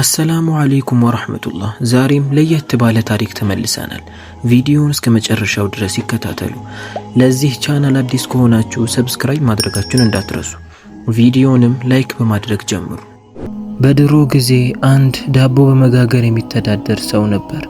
አሰላሙ አለይኩም ወረህመቱላህ። ዛሬም ለየት ባለ ታሪክ ተመልሰናል። ቪዲዮውን እስከ መጨረሻው ድረስ ይከታተሉ። ለዚህ ቻናል አዲስ ከሆናችሁ ሰብስክራይብ ማድረጋችሁን እንዳትረሱ። ቪዲዮውንም ላይክ በማድረግ ጀምሩ። በድሮ ጊዜ አንድ ዳቦ በመጋገር የሚተዳደር ሰው ነበር።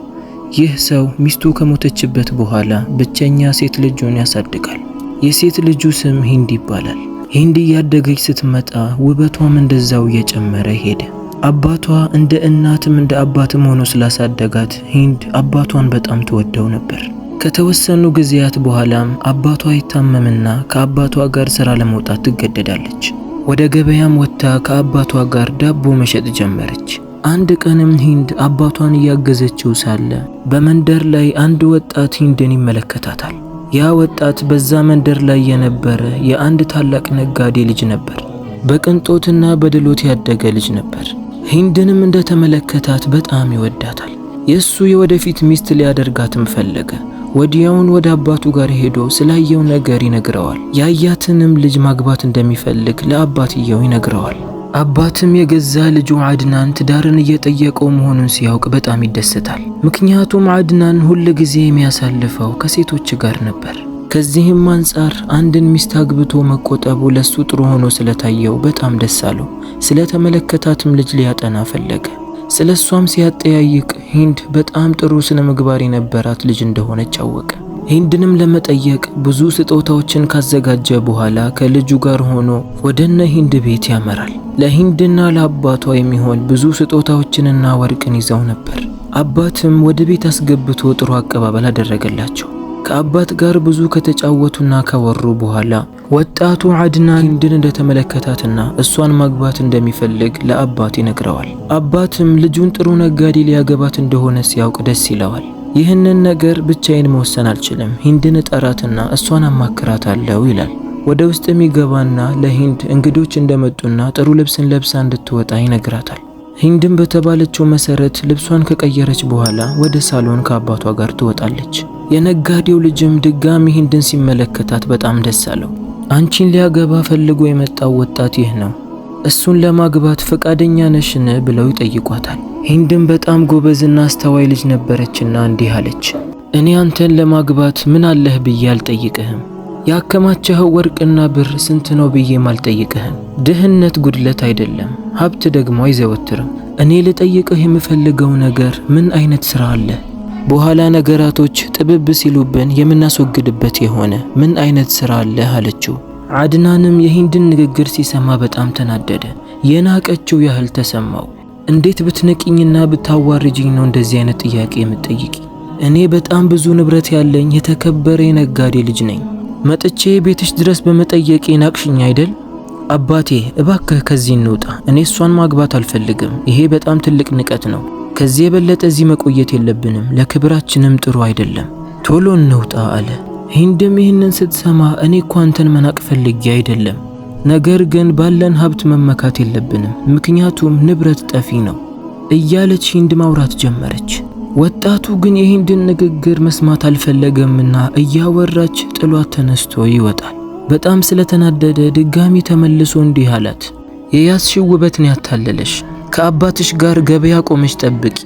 ይህ ሰው ሚስቱ ከሞተችበት በኋላ ብቸኛ ሴት ልጁን ያሳድጋል። የሴት ልጁ ስም ሂንድ ይባላል። ሂንድ እያደገች ስትመጣ ውበቷም እንደዛው እየጨመረ ሄደ። አባቷ እንደ እናትም እንደ አባትም ሆኖ ስላሳደጋት ሂንድ አባቷን በጣም ትወደው ነበር። ከተወሰኑ ጊዜያት በኋላም አባቷ ይታመምና ከአባቷ ጋር ስራ ለመውጣት ትገደዳለች። ወደ ገበያም ወጥታ ከአባቷ ጋር ዳቦ መሸጥ ጀመረች። አንድ ቀንም ሂንድ አባቷን እያገዘችው ሳለ በመንደር ላይ አንድ ወጣት ሂንድን ይመለከታታል። ያ ወጣት በዛ መንደር ላይ የነበረ የአንድ ታላቅ ነጋዴ ልጅ ነበር። በቅንጦትና በድሎት ያደገ ልጅ ነበር። ሂንድንም እንደተመለከታት በጣም ይወዳታል። የእሱ የወደፊት ሚስት ሊያደርጋትም ፈለገ። ወዲያውን ወደ አባቱ ጋር ሄዶ ስላየው ነገር ይነግረዋል። ያያትንም ልጅ ማግባት እንደሚፈልግ ለአባትየው ይነግረዋል። አባትም የገዛ ልጁ አድናን ትዳርን እየጠየቀው መሆኑን ሲያውቅ በጣም ይደሰታል። ምክንያቱም አድናን ሁል ጊዜ የሚያሳልፈው ከሴቶች ጋር ነበር። ከዚህም አንጻር አንድን ሚስት አግብቶ መቆጠቡ ለሱ ጥሩ ሆኖ ስለታየው በጣም ደስ አለው። ስለ ተመለከታትም ልጅ ሊያጠና ፈለገ። ስለ እሷም ሲያጠያይቅ ሂንድ በጣም ጥሩ ስነ ምግባር የነበራት ልጅ እንደሆነች አወቀ። ሂንድንም ለመጠየቅ ብዙ ስጦታዎችን ካዘጋጀ በኋላ ከልጁ ጋር ሆኖ ወደ ሂንድ ቤት ያመራል። ለሂንድና ለአባቷ የሚሆን ብዙ ስጦታዎችንና ወርቅን ይዘው ነበር። አባትም ወደ ቤት አስገብቶ ጥሩ አቀባበል አደረገላቸው። ከአባት ጋር ብዙ ከተጫወቱና ከወሩ በኋላ ወጣቱ አድናን ህንድን እንደተመለከታትና እሷን ማግባት እንደሚፈልግ ለአባት ይነግረዋል። አባትም ልጁን ጥሩ ነጋዴ ሊያገባት እንደሆነ ሲያውቅ ደስ ይለዋል። ይህንን ነገር ብቻዬን መወሰን አልችልም፣ ሂንድን እጠራትና እሷን አማክራታለሁ ይላል። ወደ ውስጥ የሚገባና ለሂንድ እንግዶች እንደመጡና ጥሩ ልብስን ለብሳ እንድትወጣ ይነግራታል። ሂንድም በተባለችው መሰረት ልብሷን ከቀየረች በኋላ ወደ ሳሎን ከአባቷ ጋር ትወጣለች። የነጋዴው ልጅም ድጋሚ ሂንድን ሲመለከታት በጣም ደስ አለው። አንቺን ሊያገባ ፈልጎ የመጣው ወጣት ይህ ነው፣ እሱን ለማግባት ፈቃደኛ ነሽን? ብለው ይጠይቋታል። ሂንድም በጣም ጎበዝና አስተዋይ ልጅ ነበረችና እንዲህ አለች፣ እኔ አንተን ለማግባት ምን አለህ ብዬ አልጠይቅህም ያከማቸኸው ወርቅና ብር ስንት ነው ብዬም አልጠይቅህም። ድህነት ጉድለት አይደለም፣ ሀብት ደግሞ አይዘወትርም። እኔ ልጠይቅህ የምፈልገው ነገር ምን አይነት ሥራ አለ በኋላ ነገራቶች ጥብብ ሲሉብን የምናስወግድበት የሆነ ምን አይነት ሥራ አለ አለችው። አድናንም የሂንድን ንግግር ሲሰማ በጣም ተናደደ። የናቀችው ያህል ተሰማው። እንዴት ብትንቅኝና ብታዋርጅኝ ነው እንደዚህ አይነት ጥያቄ የምትጠይቂ? እኔ በጣም ብዙ ንብረት ያለኝ የተከበረ የነጋዴ ልጅ ነኝ። መጥቼ ቤትሽ ድረስ በመጠየቄ ናቅሽኝ አይደል? አባቴ እባክህ ከዚህ እንውጣ፣ እኔ እሷን ማግባት አልፈልግም። ይሄ በጣም ትልቅ ንቀት ነው። ከዚህ የበለጠ እዚህ መቆየት የለብንም፣ ለክብራችንም ጥሩ አይደለም። ቶሎ እንውጣ አለ። ሂንድም ይህንን ስትሰማ እኔ እኮ አንተን መናቅ ፈልጌ አይደለም፣ ነገር ግን ባለን ሀብት መመካት የለብንም፣ ምክንያቱም ንብረት ጠፊ ነው እያለች ሂንድ ማውራት ጀመረች። ወጣቱ ግን የሂንድን ንግግር መስማት አልፈለገምና እያወራች ጥሏት ተነስቶ ይወጣል። በጣም ስለተናደደ ድጋሚ ተመልሶ እንዲህ አላት፣ የያዝሽው ውበትን ያታለለሽ። ከአባትሽ ጋር ገበያ ቆመሽ ጠብቂ።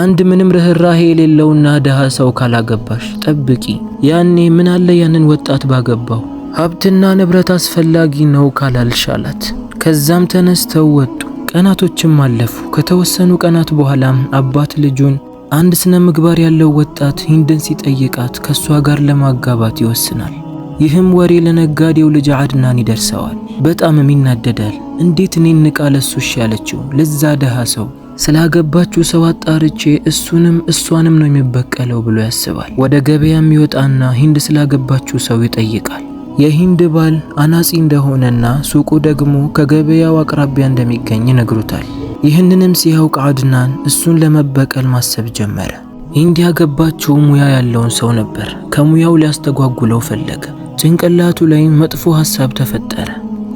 አንድ ምንም ርኅራሄ የሌለውና ደሃ ሰው ካላገባሽ ጠብቂ። ያኔ ምን አለ ያንን ወጣት ባገባው። ሀብትና ንብረት አስፈላጊ ነው ካላልሽ አላት። ከዛም ተነስተው ወጡ። ቀናቶችም አለፉ። ከተወሰኑ ቀናት በኋላም አባት ልጁን አንድ ስነ ምግባር ያለው ወጣት ሂንድን ሲጠይቃት ከእሷ ጋር ለማጋባት ይወስናል። ይህም ወሬ ለነጋዴው ልጅ አድናን ይደርሰዋል። በጣምም ይናደዳል። እንዴት እኔን ንቃ ለሱ እሺ ያለችው ለዛ ደሃ ሰው ስላገባችሁ ሰው አጣርቼ እሱንም እሷንም ነው የሚበቀለው ብሎ ያስባል። ወደ ገበያም ይወጣና ሂንድ ስላገባችሁ ሰው ይጠይቃል። የሂንድ ባል አናጺ እንደሆነና ሱቁ ደግሞ ከገበያው አቅራቢያ እንደሚገኝ ይነግሩታል። ይህንንም ሲያውቅ አድናን እሱን ለመበቀል ማሰብ ጀመረ። ሂንድ ያገባችው ሙያ ያለውን ሰው ነበር። ከሙያው ሊያስተጓጉለው ፈለገ። ጭንቅላቱ ላይ መጥፎ ሐሳብ ተፈጠረ።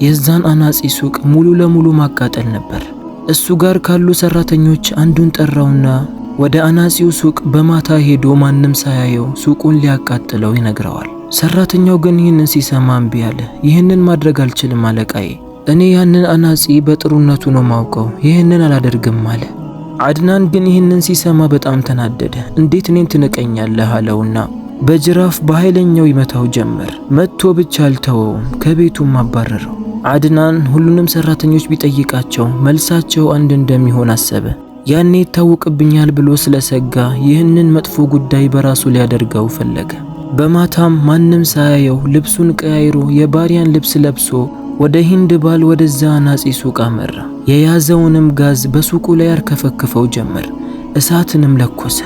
የዛን አናጺ ሱቅ ሙሉ ለሙሉ ማቃጠል ነበር። እሱ ጋር ካሉ ሰራተኞች አንዱን ጠራውና ወደ አናጺው ሱቅ በማታ ሄዶ ማንም ሳያየው ሱቁን ሊያቃጥለው ይነግረዋል። ሰራተኛው ግን ይህንን ሲሰማ እምቢ አለ። ይህንን ማድረግ አልችልም አለቃዬ፣ እኔ ያንን አናጺ በጥሩነቱ ነው ማውቀው፣ ይህንን አላደርግም አለ። አድናን ግን ይህንን ሲሰማ በጣም ተናደደ። እንዴት እኔን ትንቀኛለህ አለውና በጅራፍ በኃይለኛው ይመታው ጀመር። መጥቶ ብቻ አልተወውም፣ ከቤቱም አባረረው። አድናን ሁሉንም ሰራተኞች ቢጠይቃቸው መልሳቸው አንድ እንደሚሆን አሰበ። ያኔ ይታወቅብኛል ብሎ ስለሰጋ ይህንን መጥፎ ጉዳይ በራሱ ሊያደርገው ፈለገ። በማታም ማንም ሳያየው ልብሱን ቀያይሮ የባሪያን ልብስ ለብሶ ወደ ሂንድ ባል ወደዛ ናጺ ሱቅ አመራ። የያዘውንም ጋዝ በሱቁ ላይ ያርከፈክፈው ጀመር። እሳትንም ለኮሰ።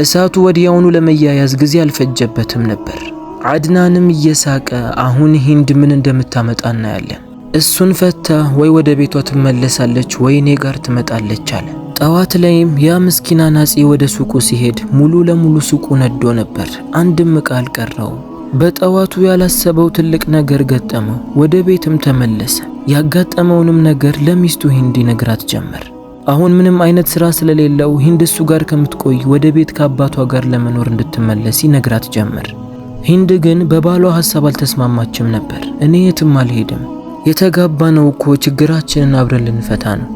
እሳቱ ወዲያውኑ ለመያያዝ ጊዜ አልፈጀበትም ነበር። አድናንም እየሳቀ አሁን ሂንድ ምን እንደምታመጣ እናያለን፣ እሱን ፈታ ወይ ወደ ቤቷ ትመለሳለች ወይ እኔ ጋር ትመጣለች አለ። ጠዋት ላይም ያ ምስኪና ናጺ ወደ ሱቁ ሲሄድ ሙሉ ለሙሉ ሱቁ ነዶ ነበር። አንድም ዕቃ አልቀረው። በጠዋቱ ያላሰበው ትልቅ ነገር ገጠመው። ወደ ቤትም ተመለሰ። ያጋጠመውንም ነገር ለሚስቱ ሂንድ ይነግራት ጀመር። አሁን ምንም አይነት ስራ ስለሌለው ሂንድ እሱ ጋር ከምትቆይ ወደ ቤት ከአባቷ ጋር ለመኖር እንድትመለስ ይነግራት ጀመር። ሂንድ ግን በባሏ ሀሳብ አልተስማማችም ነበር። እኔ የትም አልሄድም፣ የተጋባ ነው እኮ ችግራችንን አብረን ልንፈታ ነው።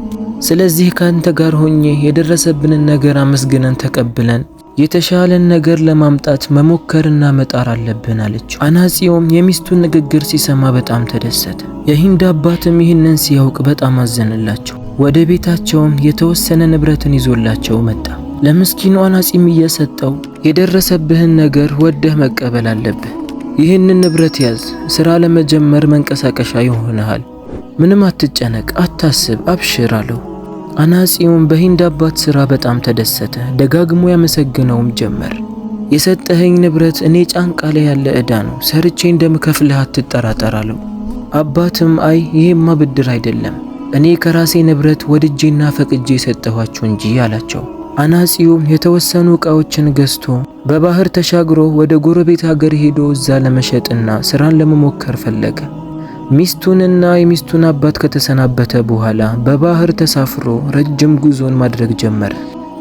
ስለዚህ ካንተ ጋር ሆኜ የደረሰብንን ነገር አመስግነን ተቀብለን የተሻለን ነገር ለማምጣት መሞከርና መጣር አለብን አለችው። አናጺውም የሚስቱን ንግግር ሲሰማ በጣም ተደሰተ። የሂንድ አባትም ይህንን ሲያውቅ በጣም አዘንላቸው። ወደ ቤታቸውም የተወሰነ ንብረትን ይዞላቸው መጣ። ለምስኪኑ አናጺም እየሰጠው የደረሰብህን ነገር ወደህ መቀበል አለብህ፣ ይህንን ንብረት ያዝ፣ ሥራ ለመጀመር መንቀሳቀሻ ይሆንሃል፣ ምንም አትጨነቅ፣ አታስብ፣ አብሽር አለው። አናጺውም በሂንድ አባት ሥራ በጣም ተደሰተ። ደጋግሞ ያመሰግነውም ጀመር። የሰጠኸኝ ንብረት እኔ ጫንቃ ላይ ያለ ዕዳ ነው፣ ሰርቼ እንደምከፍልህ አትጠራጠር አለው። አባትም አይ ይሄማ ብድር አይደለም እኔ ከራሴ ንብረት ወድጄና ፈቅጄ የሰጠኋችሁ እንጂ አላቸው። አናጺውም የተወሰኑ ዕቃዎችን ገዝቶ በባህር ተሻግሮ ወደ ጎረቤት ሀገር ሄዶ እዛ ለመሸጥና ስራን ለመሞከር ፈለገ። ሚስቱንና የሚስቱን አባት ከተሰናበተ በኋላ በባህር ተሳፍሮ ረጅም ጉዞን ማድረግ ጀመረ።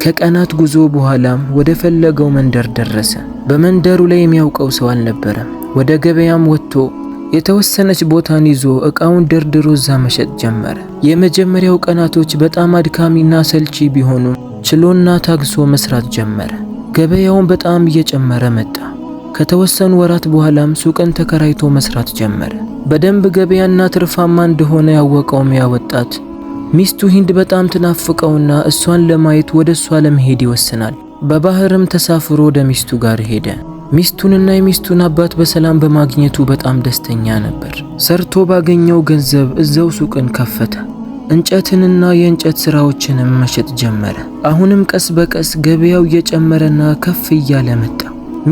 ከቀናት ጉዞ በኋላም ወደ ፈለገው መንደር ደረሰ። በመንደሩ ላይ የሚያውቀው ሰው አልነበረም። ወደ ገበያም ወጥቶ የተወሰነች ቦታን ይዞ እቃውን ደርድሮ እዛ መሸጥ ጀመረ። የመጀመሪያው ቀናቶች በጣም አድካሚና ሰልቺ ቢሆኑም ችሎና ታግሶ መስራት ጀመረ። ገበያውን በጣም እየጨመረ መጣ። ከተወሰኑ ወራት በኋላም ሱቅን ተከራይቶ መስራት ጀመረ። በደንብ ገበያና ትርፋማ እንደሆነ ያወቀው ሚያ ወጣት ሚስቱ ሂንድ በጣም ትናፍቀውና እሷን ለማየት ወደ እሷ ለመሄድ ይወስናል። በባህርም ተሳፍሮ ወደ ሚስቱ ጋር ሄደ። ሚስቱንና የሚስቱን አባት በሰላም በማግኘቱ በጣም ደስተኛ ነበር። ሰርቶ ባገኘው ገንዘብ እዛው ሱቅን ከፈተ። እንጨትንና የእንጨት ሥራዎችንም መሸጥ ጀመረ። አሁንም ቀስ በቀስ ገበያው እየጨመረና ከፍ እያለ መጣ።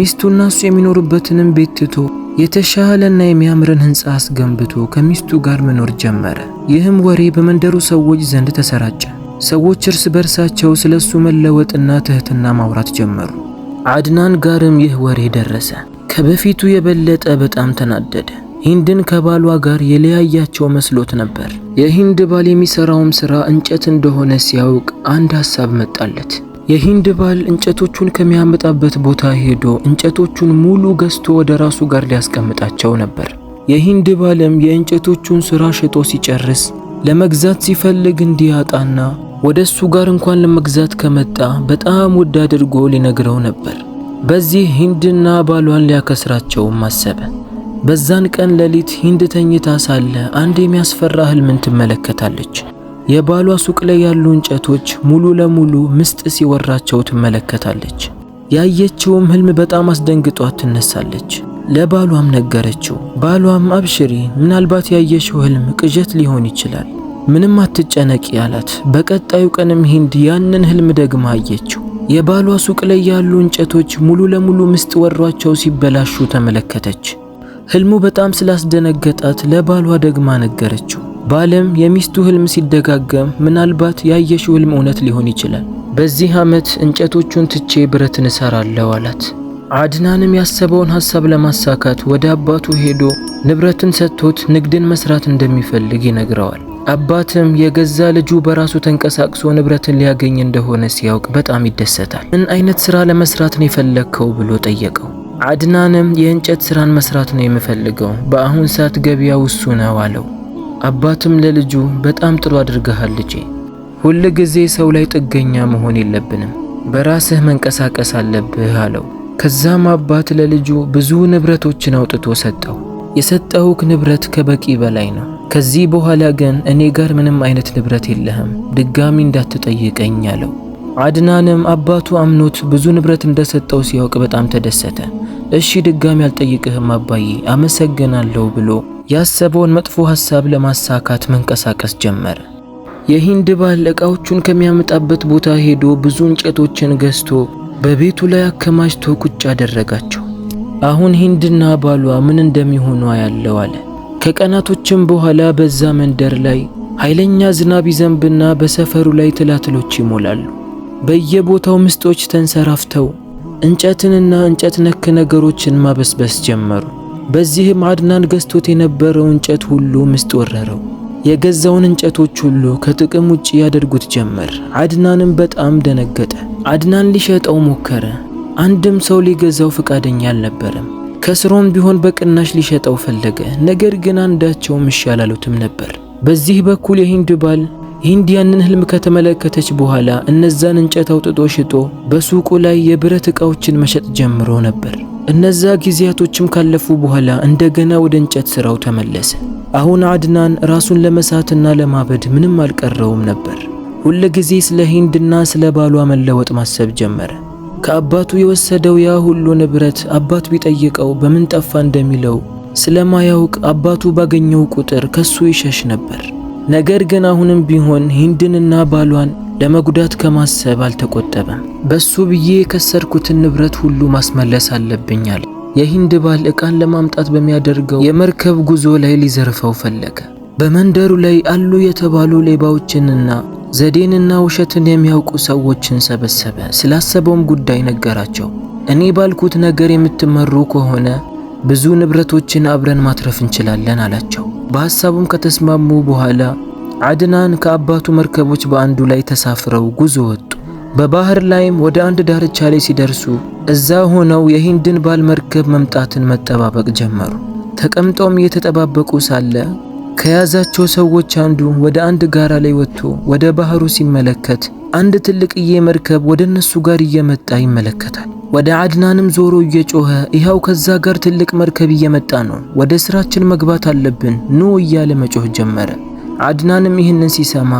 ሚስቱና እሱ የሚኖሩበትንም ቤት ትቶ የተሻለና የሚያምርን ሕንፃ አስገንብቶ ከሚስቱ ጋር መኖር ጀመረ። ይህም ወሬ በመንደሩ ሰዎች ዘንድ ተሰራጨ። ሰዎች እርስ በርሳቸው ስለ እሱ መለወጥና ትህትና ማውራት ጀመሩ። አድናን ጋርም ይህ ወሬ ደረሰ። ከበፊቱ የበለጠ በጣም ተናደደ። ሂንድን ከባሏ ጋር የለያያቸው መስሎት ነበር። የሂንድ ባል የሚሰራውም ስራ እንጨት እንደሆነ ሲያውቅ አንድ ሀሳብ መጣለት። የሂንድ ባል እንጨቶቹን ከሚያመጣበት ቦታ ሄዶ እንጨቶቹን ሙሉ ገዝቶ ወደ ራሱ ጋር ሊያስቀምጣቸው ነበር። የሂንድ ባልም የእንጨቶቹን ስራ ሽጦ ሲጨርስ ለመግዛት ሲፈልግ እንዲያጣና ወደ እሱ ጋር እንኳን ለመግዛት ከመጣ በጣም ውድ አድርጎ ሊነግረው ነበር። በዚህ ሂንድና ባሏን ሊያከስራቸውም አሰበ። በዛን ቀን ሌሊት ሂንድ ተኝታ ሳለ አንድ የሚያስፈራ ህልምን ትመለከታለች። የባሏ ሱቅ ላይ ያሉ እንጨቶች ሙሉ ለሙሉ ምስጥ ሲወራቸው ትመለከታለች። ያየችውም ህልም በጣም አስደንግጧት ትነሳለች። ለባሏም ነገረችው። ባሏም አብሽሪ፣ ምናልባት ያየሽው ህልም ቅዠት ሊሆን ይችላል ምንም አትጨነቂ አላት። በቀጣዩ ቀንም ሂንድ ያንን ህልም ደግማ አየችው። የባሏ ሱቅ ላይ ያሉ እንጨቶች ሙሉ ለሙሉ ምስጥ ወሯቸው ሲበላሹ ተመለከተች። ህልሙ በጣም ስላስደነገጣት ለባሏ ደግማ ነገረችው። ባለም የሚስቱ ህልም ሲደጋገም ምናልባት ያየሽው ህልም እውነት ሊሆን ይችላል፣ በዚህ ዓመት እንጨቶቹን ትቼ ብረትን እሰራለሁ አላት። አድናንም ያሰበውን ሐሳብ ለማሳካት ወደ አባቱ ሄዶ ንብረትን ሰጥቶት ንግድን መስራት እንደሚፈልግ ይነግረዋል። አባትም የገዛ ልጁ በራሱ ተንቀሳቅሶ ንብረትን ሊያገኝ እንደሆነ ሲያውቅ በጣም ይደሰታል። ምን አይነት ስራ ለመስራት ነው የፈለግከው ብሎ ጠየቀው። አድናንም የእንጨት ስራን መስራት ነው የምፈልገው፣ በአሁን ሰዓት ገበያ ውሱ ነው አለው። አባትም ለልጁ በጣም ጥሩ አድርገሃል ልጄ፣ ሁል ጊዜ ሰው ላይ ጥገኛ መሆን የለብንም፣ በራስህ መንቀሳቀስ አለብህ አለው። ከዛም አባት ለልጁ ብዙ ንብረቶችን አውጥቶ ሰጠው። የሰጠሁክ ንብረት ከበቂ በላይ ነው። ከዚህ በኋላ ግን እኔ ጋር ምንም አይነት ንብረት የለህም፣ ድጋሚ እንዳትጠይቀኝ አለው። አድናንም አባቱ አምኖት ብዙ ንብረት እንደሰጠው ሲያውቅ በጣም ተደሰተ። እሺ ድጋሚ አልጠይቅህም አባዬ አመሰግናለሁ ብሎ ያሰበውን መጥፎ ሐሳብ ለማሳካት መንቀሳቀስ ጀመረ። የሂንድ ባል ዕቃዎቹን ከሚያመጣበት ቦታ ሄዶ ብዙ እንጨቶችን ገዝቶ በቤቱ ላይ አከማችቶ ቁጭ አደረጋቸው። አሁን ሂንድና ባሏ ምን እንደሚሆኗ ያለው አለ። ከቀናቶችም በኋላ በዛ መንደር ላይ ኃይለኛ ዝናብ ይዘንብና በሰፈሩ ላይ ትላትሎች ይሞላሉ። በየቦታው ምስጦች ተንሰራፍተው እንጨትንና እንጨት ነክ ነገሮችን ማበስበስ ጀመሩ። በዚህም አድናን ገዝቶት የነበረው እንጨት ሁሉ ምስጥ ወረረው። የገዛውን እንጨቶች ሁሉ ከጥቅም ውጭ ያደርጉት ጀመር። አድናንም በጣም ደነገጠ። አድናን ሊሸጠው ሞከረ። አንድም ሰው ሊገዛው ፈቃደኛ አልነበረም። ከስሮም ቢሆን በቅናሽ ሊሸጠው ፈለገ። ነገር ግን አንዳቸውም እሺ አላሉትም ነበር። በዚህ በኩል የሂንድ ባል ሂንድ ያንን ህልም ከተመለከተች በኋላ እነዛን እንጨት አውጥቶ ሽጦ በሱቁ ላይ የብረት ዕቃዎችን መሸጥ ጀምሮ ነበር። እነዛ ጊዜያቶችም ካለፉ በኋላ እንደገና ወደ እንጨት ሥራው ተመለሰ። አሁን አድናን ራሱን ለመሳትና ለማበድ ምንም አልቀረውም ነበር። ሁል ጊዜ ስለ ሂንድና ስለ ባሏ መለወጥ ማሰብ ጀመረ። ከአባቱ የወሰደው ያ ሁሉ ንብረት አባቱ ቢጠይቀው በምን ጠፋ እንደሚለው ስለማያውቅ አባቱ ባገኘው ቁጥር ከሱ ይሸሽ ነበር። ነገር ግን አሁንም ቢሆን ሂንድንና ባሏን ለመጉዳት ከማሰብ አልተቆጠበም። በሱ ብዬ የከሰርኩትን ንብረት ሁሉ ማስመለስ አለብኛል። የሂንድ ባል ዕቃን ለማምጣት በሚያደርገው የመርከብ ጉዞ ላይ ሊዘርፈው ፈለገ። በመንደሩ ላይ አሉ የተባሉ ሌባዎችንና ዘዴንና ውሸትን የሚያውቁ ሰዎችን ሰበሰበ። ስላሰበውም ጉዳይ ነገራቸው። እኔ ባልኩት ነገር የምትመሩ ከሆነ ብዙ ንብረቶችን አብረን ማትረፍ እንችላለን አላቸው። በሐሳቡም ከተስማሙ በኋላ አድናን ከአባቱ መርከቦች በአንዱ ላይ ተሳፍረው ጉዞ ወጡ። በባህር ላይም ወደ አንድ ዳርቻ ላይ ሲደርሱ እዛ ሆነው የሂንድን ባል መርከብ መምጣትን መጠባበቅ ጀመሩ። ተቀምጠውም እየተጠባበቁ ሳለ ከያዛቸው ሰዎች አንዱ ወደ አንድ ጋራ ላይ ወጥቶ ወደ ባህሩ ሲመለከት አንድ ትልቅዬ መርከብ ወደ እነሱ ጋር እየመጣ ይመለከታል። ወደ አድናንም ዞሮ እየጮኸ ይኸው ከዛ ጋር ትልቅ መርከብ እየመጣ ነው፣ ወደ ስራችን መግባት አለብን ኑ እያለ መጮህ ጀመረ። አድናንም ይህንን ሲሰማ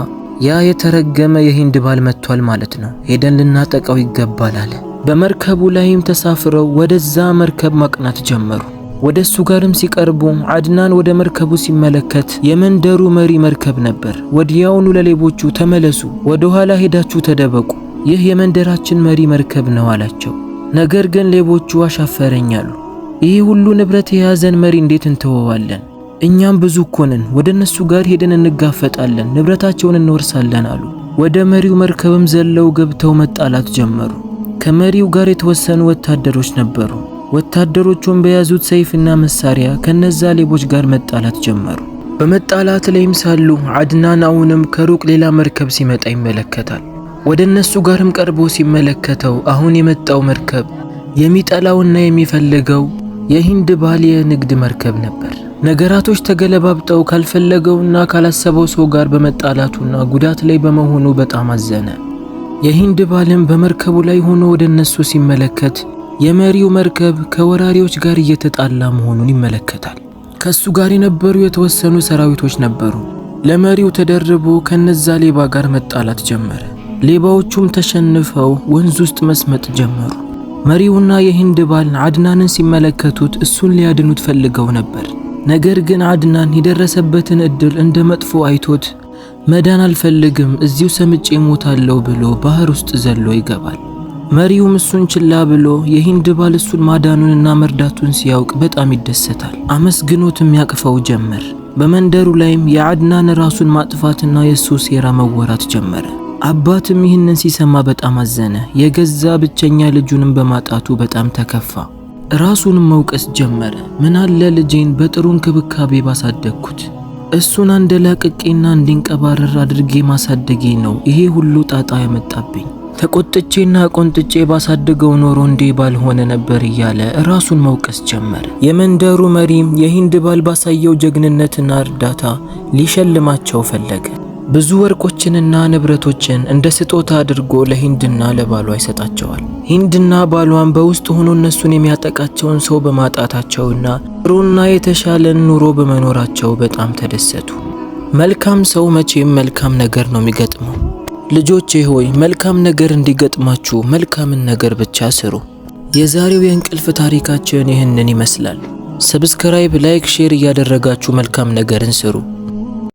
ያ የተረገመ የሂንድ ባል መጥቷል ማለት ነው፣ ሄደን ልናጠቀው ይገባል አለ። በመርከቡ ላይም ተሳፍረው ወደዛ መርከብ ማቅናት ጀመሩ። ወደ እሱ ጋርም ሲቀርቡ አድናን ወደ መርከቡ ሲመለከት የመንደሩ መሪ መርከብ ነበር። ወዲያውኑ ለሌቦቹ ተመለሱ፣ ወደ ኋላ ሄዳችሁ ተደበቁ፣ ይህ የመንደራችን መሪ መርከብ ነው አላቸው። ነገር ግን ሌቦቹ አሻፈረኝ አሉ። ይህ ሁሉ ንብረት የያዘን መሪ እንዴት እንተወዋለን? እኛም ብዙ እኮ ነን፣ ወደ እነሱ ጋር ሄደን እንጋፈጣለን፣ ንብረታቸውን እንወርሳለን አሉ። ወደ መሪው መርከብም ዘለው ገብተው መጣላት ጀመሩ። ከመሪው ጋር የተወሰኑ ወታደሮች ነበሩ። ወታደሮቹን በያዙት ሰይፍና መሳሪያ ከነዛ ሌቦች ጋር መጣላት ጀመሩ። በመጣላት ላይም ሳሉ አድናን አሁንም ከሩቅ ሌላ መርከብ ሲመጣ ይመለከታል። ወደ እነሱ ጋርም ቀርቦ ሲመለከተው አሁን የመጣው መርከብ የሚጠላውና የሚፈልገው የሂንድ ባል የንግድ መርከብ ነበር። ነገራቶች ተገለባብጠው ካልፈለገውና ካላሰበው ሰው ጋር በመጣላቱና ጉዳት ላይ በመሆኑ በጣም አዘነ። የሂንድ ባልም በመርከቡ ላይ ሆኖ ወደ እነሱ ሲመለከት የመሪው መርከብ ከወራሪዎች ጋር እየተጣላ መሆኑን ይመለከታል። ከሱ ጋር የነበሩ የተወሰኑ ሰራዊቶች ነበሩ። ለመሪው ተደርቦ ከነዛ ሌባ ጋር መጣላት ጀመረ። ሌባዎቹም ተሸንፈው ወንዝ ውስጥ መስመጥ ጀመሩ። መሪውና የሂንድ ባል አድናንን ሲመለከቱት እሱን ሊያድኑት ፈልገው ነበር። ነገር ግን አድናን የደረሰበትን እድል እንደ መጥፎ አይቶት መዳን አልፈልግም፣ እዚሁ ሰምጬ ሞታለሁ ብሎ ባህር ውስጥ ዘሎ ይገባል። መሪውም እሱን ችላ ብሎ የሂንድ ባል እሱን ማዳኑንና መርዳቱን ሲያውቅ በጣም ይደሰታል። አመስግኖትም ያቅፈው ጀመር። በመንደሩ ላይም የአድናን ራሱን ማጥፋትና የእሱ ሴራ መወራት ጀመረ። አባትም ይህንን ሲሰማ በጣም አዘነ። የገዛ ብቸኛ ልጁንም በማጣቱ በጣም ተከፋ። ራሱንም መውቀስ ጀመረ። ምናለ ልጄን በጥሩ እንክብካቤ ባሳደግኩት፣ እሱን አንደላቅቄና እንዲንቀባረር አድርጌ ማሳደጌ ነው ይሄ ሁሉ ጣጣ ያመጣብኝ። ተቆጥቼና ቆንጥጬ ባሳድገው ኖሮ እንዴ ባልሆነ ነበር እያለ ራሱን መውቀስ ጀመረ። የመንደሩ መሪም የሂንድ ባል ባሳየው ጀግንነትና እርዳታ ሊሸልማቸው ፈለገ። ብዙ ወርቆችንና ንብረቶችን እንደ ስጦታ አድርጎ ለሂንድና ለባሏ ይሰጣቸዋል። ሂንድና ባሏን በውስጥ ሆኖ እነሱን የሚያጠቃቸውን ሰው በማጣታቸውና ጥሩና የተሻለን ኑሮ በመኖራቸው በጣም ተደሰቱ። መልካም ሰው መቼም መልካም ነገር ነው የሚገጥመው። ልጆቼ ሆይ መልካም ነገር እንዲገጥማችሁ መልካምን ነገር ብቻ ስሩ። የዛሬው የእንቅልፍ ታሪካችን ይህንን ይመስላል። ሰብስክራይብ፣ ላይክ፣ ሼር እያደረጋችሁ መልካም ነገርን ስሩ።